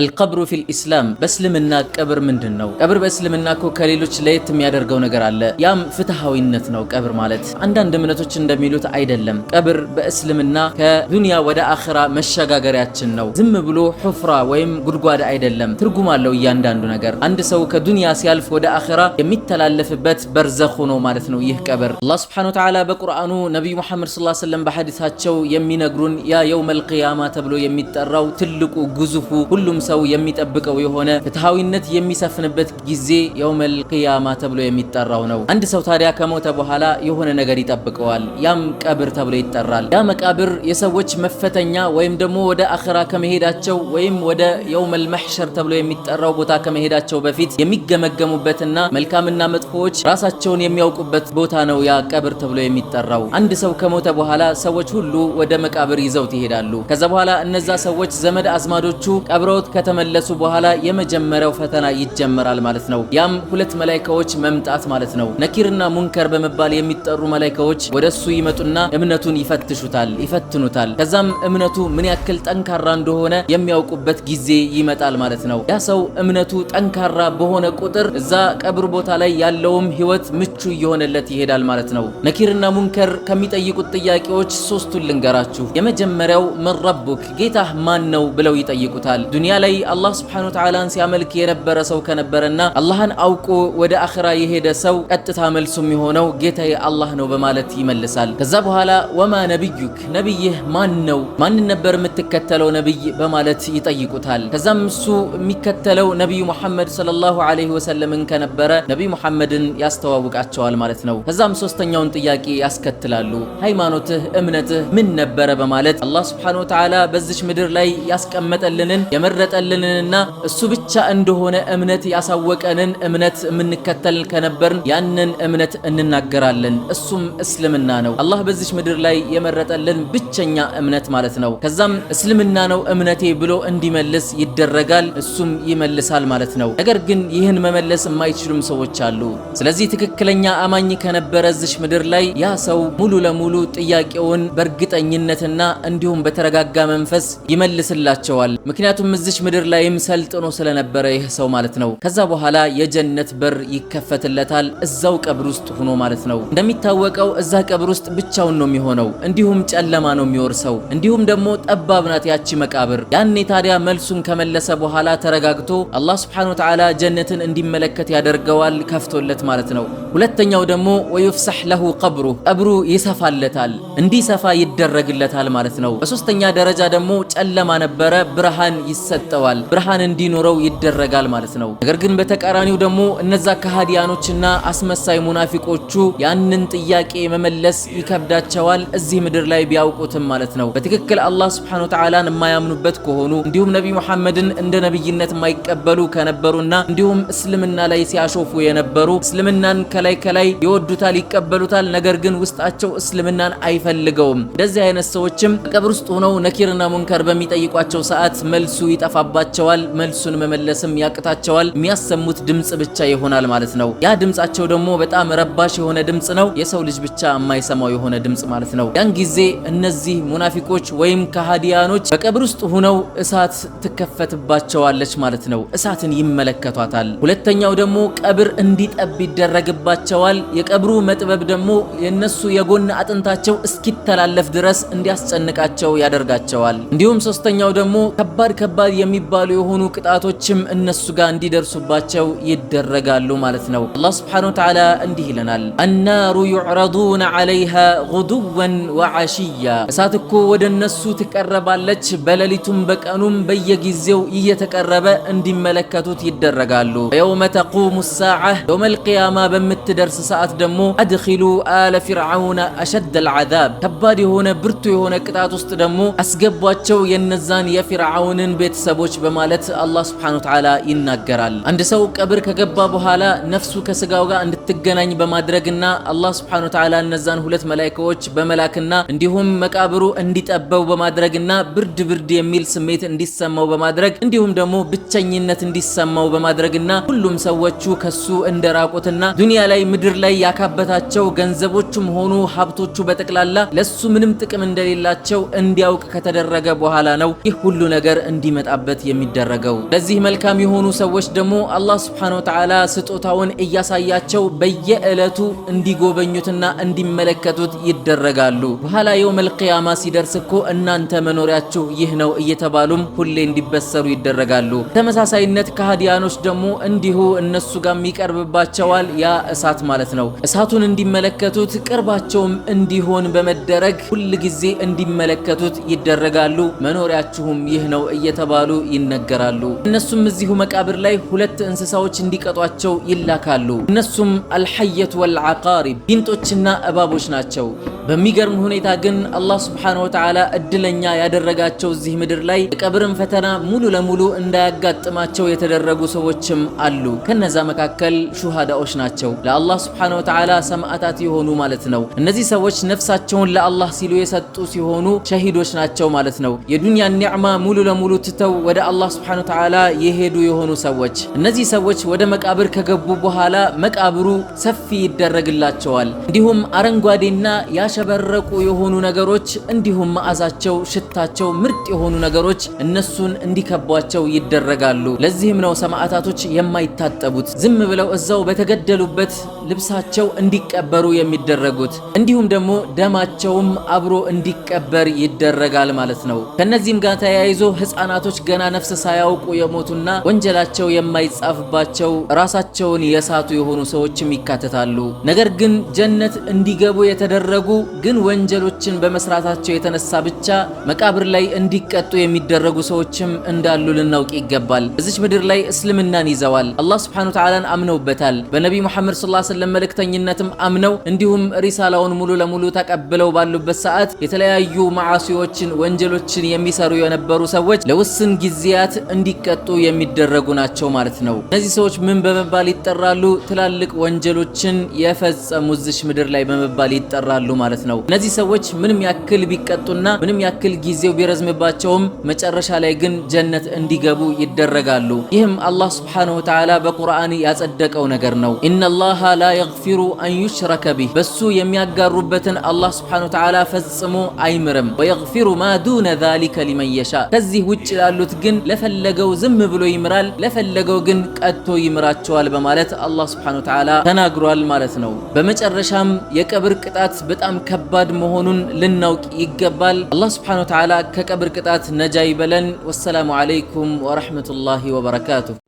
አልቀብሩ ፊል ኢስላም በእስልምና ቀብር ምንድን ነው? ቀብር በእስልምና እኮ ከሌሎች ለየት የሚያደርገው ነገር አለ። ያም ፍትሃዊነት ነው። ቀብር ማለት አንዳንድ እምነቶች እንደሚሉት አይደለም። ቀብር በእስልምና ከዱንያ ወደ አኽራ መሸጋገሪያችን ነው። ዝም ብሎ ሑፍራ ወይም ጉድጓድ አይደለም። ትርጉም አለው እያንዳንዱ ነገር። አንድ ሰው ከዱንያ ሲያልፍ ወደ አኽራ የሚተላለፍበት በርዘኽ ሆኖ ማለት ነው ይህ ቀብር። አላህ ሱብሓነሁ ወተዓላ በቁርአኑ ነቢዩ መሐመድ ሰለላሁ ዐለይሂ በሐዲሳቸው የሚነግሩን ያ የውመል ቂያማ ተብሎ የሚጠራው ትልቁ ግዙፉ ሁሉም ሰው የሚጠብቀው የሆነ ፍትሐዊነት የሚሰፍንበት ጊዜ የውመል ቂያማ ተብሎ የሚጠራው ነው። አንድ ሰው ታዲያ ከሞተ በኋላ የሆነ ነገር ይጠብቀዋል። ያም ቀብር ተብሎ ይጠራል። ያ መቃብር የሰዎች መፈተኛ ወይም ደግሞ ወደ አኸራ ከመሄዳቸው ወይም ወደ የውመል መሕሸር ተብሎ የሚጠራው ቦታ ከመሄዳቸው በፊት የሚገመገሙበትና መልካምና መጥፎዎች ራሳቸውን የሚያውቁበት ቦታ ነው ያ ቀብር ተብሎ የሚጠራው። አንድ ሰው ከሞተ በኋላ ሰዎች ሁሉ ወደ መቃብር ይዘውት ይሄዳሉ። ከዛ በኋላ እነዛ ሰዎች ዘመድ አዝማዶቹ ቀብረውት ከተመለሱ በኋላ የመጀመሪያው ፈተና ይጀመራል ማለት ነው። ያም ሁለት መላይካዎች መምጣት ማለት ነው። ነኪርና ሙንከር በመባል የሚጠሩ መላይካዎች ወደሱ ይመጡና እምነቱን ይፈትሹታል፣ ይፈትኑታል። ከዛም እምነቱ ምን ያክል ጠንካራ እንደሆነ የሚያውቁበት ጊዜ ይመጣል ማለት ነው። ያ ሰው እምነቱ ጠንካራ በሆነ ቁጥር እዛ ቀብር ቦታ ላይ ያለውም ህይወት ምቹ እየሆነለት ይሄዳል ማለት ነው። ነኪርና ሙንከር ከሚጠይቁት ጥያቄዎች ሶስቱን ልንገራችሁ። የመጀመሪያው መን ረቡክ፣ ጌታህ ማን ነው ብለው ይጠይቁታል። ዱንያ ላይ አላህ ስብሐነሁ ወተዓላን ሲያመልክ የነበረ ሰው ከነበረና አላህን አውቆ ወደ አኽራ የሄደ ሰው ቀጥታ መልሱም የሆነው ጌታዬ አላህ ነው በማለት ይመልሳል። ከዛ በኋላ ወማ ነቢዩክ ነቢይህ ማን ነው? ማን ነበር የምትከተለው ነቢይ በማለት ይጠይቁታል። ከዛም እሱ የሚከተለው ነቢዩ ሙሐመድ ሰለላሁ ዐለይሂ ወሰለምን ከነበረ ነቢይ ሙሐመድን ያስተዋውቃቸዋል ማለት ነው። ከዛም ሶስተኛውን ጥያቄ ያስከትላሉ። ሃይማኖትህ እምነትህ ምን ነበረ? በማለት አላህ ስብሐነሁ ወተዓላ በዚች ምድር ላይ ያስቀመጠልንን የመረጠ የገለጠልንንና እሱ ብቻ እንደሆነ እምነት ያሳወቀንን እምነት የምንከተል ከነበርን ያንን እምነት እንናገራለን። እሱም እስልምና ነው። አላህ በዚች ምድር ላይ የመረጠልን ብቸኛ እምነት ማለት ነው። ከዛም እስልምና ነው እምነቴ ብሎ እንዲመልስ ይደረጋል። እሱም ይመልሳል ማለት ነው። ነገር ግን ይህን መመለስ የማይችሉም ሰዎች አሉ። ስለዚህ ትክክለኛ አማኝ ከነበረ እዚች ምድር ላይ ያ ሰው ሙሉ ለሙሉ ጥያቄውን በእርግጠኝነትና እንዲሁም በተረጋጋ መንፈስ ይመልስላቸዋል። ምክንያቱም እዚች ምድር ላይም ሰልጥኖ ስለነበረ ይህ ሰው ማለት ነው። ከዛ በኋላ የጀነት በር ይከፈትለታል እዛው ቀብር ውስጥ ሆኖ ማለት ነው። እንደሚታወቀው እዛ ቀብር ውስጥ ብቻውን ነው የሚሆነው፣ እንዲሁም ጨለማ ነው የሚወርሰው፣ እንዲሁም ደግሞ ጠባብ ናት ያቺ መቃብር። ያኔ ታዲያ መልሱን ከመለሰ በኋላ ተረጋግቶ አላህ ስብሓነሁ ወተዓላ ጀነትን እንዲመለከት ያደርገዋል ከፍቶለት ማለት ነው። ሁለተኛው ደግሞ ወዩፍሰሕ ለሁ ቀብሩ ቀብሩ ይሰፋለታል እንዲሰፋ ይደረግለታል ማለት ነው። በሶስተኛ ደረጃ ደግሞ ጨለማ ነበረ ብርሃን ይሰጥ ይሰጠዋል፣ ብርሃን እንዲኖረው ይደረጋል ማለት ነው። ነገር ግን በተቃራኒው ደግሞ እነዛ ከሃዲያኖችና አስመሳይ ሙናፊቆቹ ያንን ጥያቄ መመለስ ይከብዳቸዋል እዚህ ምድር ላይ ቢያውቁትም ማለት ነው። በትክክል አላህ ሱብሓነሁ ወተዓላን የማያምኑበት ከሆኑ እንዲሁም ነቢ መሐመድን እንደ ነብይነት የማይቀበሉ ከነበሩና እንዲሁም እስልምና ላይ ሲያሾፉ የነበሩ እስልምናን ከላይ ከላይ ይወዱታል፣ ይቀበሉታል፣ ነገር ግን ውስጣቸው እስልምናን አይፈልገውም። እንደዚህ አይነት ሰዎችም ቀብር ውስጥ ሆነው ነኪርና ሙንከር በሚጠይቋቸው ሰዓት መልሱ ይጠፋል ይጠፋባቸዋል፣ መልሱን መመለስም ያቅታቸዋል። የሚያሰሙት ድምጽ ብቻ ይሆናል ማለት ነው። ያ ድምጻቸው ደግሞ በጣም ረባሽ የሆነ ድምጽ ነው፣ የሰው ልጅ ብቻ የማይሰማው የሆነ ድምጽ ማለት ነው። ያን ጊዜ እነዚህ ሙናፊቆች ወይም ከሃዲያኖች በቀብር ውስጥ ሆነው እሳት ትከፈትባቸዋለች ማለት ነው። እሳትን ይመለከቷታል። ሁለተኛው ደግሞ ቀብር እንዲጠብ ይደረግባቸዋል። የቀብሩ መጥበብ ደግሞ የነሱ የጎን አጥንታቸው እስኪተላለፍ ድረስ እንዲያስጨንቃቸው ያደርጋቸዋል። እንዲሁም ሶስተኛው ደግሞ ከባድ ከባድ የሚባሉ የሆኑ ቅጣቶችም እነሱ ጋር እንዲደርሱባቸው ይደረጋሉ ማለት ነው። አላህ ስብሓነሁ ወተዓላ እንዲህ ይለናል፣ አናሩ ዩዕረዱነ ዓለይሃ ጉዱወን ወዓሽያ። እሳት እኮ ወደ እነሱ ትቀረባለች በሌሊቱም በቀኑም በየጊዜው እየተቀረበ እንዲመለከቱት ይደረጋሉ። የውመ ተቁሙ ሳዓህ የውመል ቂያማ በምትደርስ ሰዓት ደግሞ አድኪሉ አለ ፊርዓውን አሸደል ዓዛብ ከባድ የሆነ ብርቱ የሆነ ቅጣት ውስጥ ደግሞ አስገቧቸው የነዛን የፊርዓውንን ቤተሰብ ቤተሰቦች በማለት አላህ ስብሐነሁ ወተዓላ ይናገራል። አንድ ሰው ቀብር ከገባ በኋላ ነፍሱ ከስጋው ጋር እንድትገናኝ በማድረግና አላህ ስብሐነሁ ወተዓላ እነዛን ሁለት መላኢካዎች በመላክና እንዲሁም መቃብሩ እንዲጠበው በማድረግና ብርድ ብርድ የሚል ስሜት እንዲሰማው በማድረግ እንዲሁም ደግሞ ብቸኝነት እንዲሰማው በማድረግና ሁሉም ሰዎቹ ከሱ እንደራቁትና ዱንያ ላይ ምድር ላይ ያካበታቸው ገንዘቦቹም ሆኑ ሀብቶቹ በጠቅላላ ለሱ ምንም ጥቅም እንደሌላቸው እንዲያውቅ ከተደረገ በኋላ ነው ይህ ሁሉ ነገር እንዲመጣ ሊሰራበት የሚደረገው። ለዚህ መልካም የሆኑ ሰዎች ደግሞ አላህ ስብሓነሁ ወተዓላ ስጦታውን እያሳያቸው በየዕለቱ እንዲጎበኙትና እንዲመለከቱት ይደረጋሉ። በኋላ የውመል ቂያማ ሲደርስ እኮ እናንተ መኖሪያችሁ ይህ ነው እየተባሉም ሁሌ እንዲበሰሩ ይደረጋሉ። ተመሳሳይነት ከሃዲያኖች ደግሞ እንዲሁ እነሱ ጋር የሚቀርብባቸዋል ያ እሳት ማለት ነው። እሳቱን እንዲመለከቱት ቅርባቸውም እንዲሆን በመደረግ ሁል ጊዜ እንዲመለከቱት ይደረጋሉ። መኖሪያችሁም ይህ ነው እየተባሉ ይነገራሉ። እነሱም እዚሁ መቃብር ላይ ሁለት እንስሳዎች እንዲቀጧቸው ይላካሉ። እነሱም አልሐየቱ ወልዓቃሪብ ቢንጦችና እባቦች ናቸው። በሚገርም ሁኔታ ግን አላህ ስብሓነሁ ወተዓላ እድለኛ ያደረጋቸው እዚህ ምድር ላይ የቀብርን ፈተና ሙሉ ለሙሉ እንዳያጋጥማቸው የተደረጉ ሰዎችም አሉ። ከነዛ መካከል ሹሃዳዎች ናቸው። ለአላህ ስብሓነሁ ወተዓላ ሰማዕታት የሆኑ ማለት ነው። እነዚህ ሰዎች ነፍሳቸውን ለአላህ ሲሉ የሰጡ ሲሆኑ ሸሂዶች ናቸው ማለት ነው። የዱንያን ኒዕማ ሙሉ ለሙሉ ትተው ወደ አላህ ሱብሓነሁ ወተዓላ የሄዱ የሆኑ ሰዎች እነዚህ ሰዎች ወደ መቃብር ከገቡ በኋላ መቃብሩ ሰፊ ይደረግላቸዋል። እንዲሁም አረንጓዴና ያሸበረቁ የሆኑ ነገሮች እንዲሁም መዓዛቸው፣ ሽታቸው ምርጥ የሆኑ ነገሮች እነሱን እንዲከቧቸው ይደረጋሉ። ለዚህም ነው ሰማዕታቶች የማይታጠቡት ዝም ብለው እዛው በተገደሉበት ልብሳቸው እንዲቀበሩ የሚደረጉት እንዲሁም ደግሞ ደማቸውም አብሮ እንዲቀበር ይደረጋል ማለት ነው። ከነዚህም ጋር ተያይዞ ህፃናቶች ገና ነፍስ ሳያውቁ የሞቱና ወንጀላቸው የማይጻፍባቸው ራሳቸውን የሳቱ የሆኑ ሰዎችም ይካተታሉ። ነገር ግን ጀነት እንዲገቡ የተደረጉ ግን ወንጀሎችን በመስራታቸው የተነሳ ብቻ መቃብር ላይ እንዲቀጡ የሚደረጉ ሰዎችም እንዳሉ ልናውቅ ይገባል። እዚች ምድር ላይ እስልምናን ይዘዋል። አላህ ስብሐነሁ ወተዓላን አምነውበታል። በነቢ ሙሐመድ ወሰለም መልእክተኝነትም አምነው እንዲሁም ሪሳላውን ሙሉ ለሙሉ ተቀብለው ባሉበት ሰዓት የተለያዩ ማዓሲዎችን፣ ወንጀሎችን የሚሰሩ የነበሩ ሰዎች ለውስን ጊዜያት እንዲቀጡ የሚደረጉ ናቸው ማለት ነው። እነዚህ ሰዎች ምን በመባል ይጠራሉ? ትላልቅ ወንጀሎችን የፈጸሙ እዚች ምድር ላይ በመባል ይጠራሉ ማለት ነው። እነዚህ ሰዎች ምንም ያክል ቢቀጡና ምንም ያክል ጊዜው ቢረዝምባቸውም መጨረሻ ላይ ግን ጀነት እንዲገቡ ይደረጋሉ። ይህም አላህ ሱብሓነሁ ወተዓላ በቁርአን ያጸደቀው ነገር ነው ኢነላሃ ወላ የግፊሩ አን ዩሽረከ ቢህ በሱ የሚያጋሩበትን አላህ ስብሓነሁ ወተዓላ ፈጽሞ አይምርም። ወየግፊሩ ማ ዱነ ዛሊከ ሊመን የሻ ከዚህ ውጭ ላሉት ግን ለፈለገው ዝም ብሎ ይምራል፣ ለፈለገው ግን ቀጥቶ ይምራቸዋል በማለት አላህ ስብሓነሁ ወተዓላ ተናግሯል ማለት ነው። በመጨረሻም የቀብር ቅጣት በጣም ከባድ መሆኑን ልናውቅ ይገባል። አላህ ስብሓነሁ ወተዓላ ከቀብር ቅጣት ነጃ ይበለን። ወሰላሙ ዓለይኩም ወረሕመቱላሂ ወበረካቱሁ።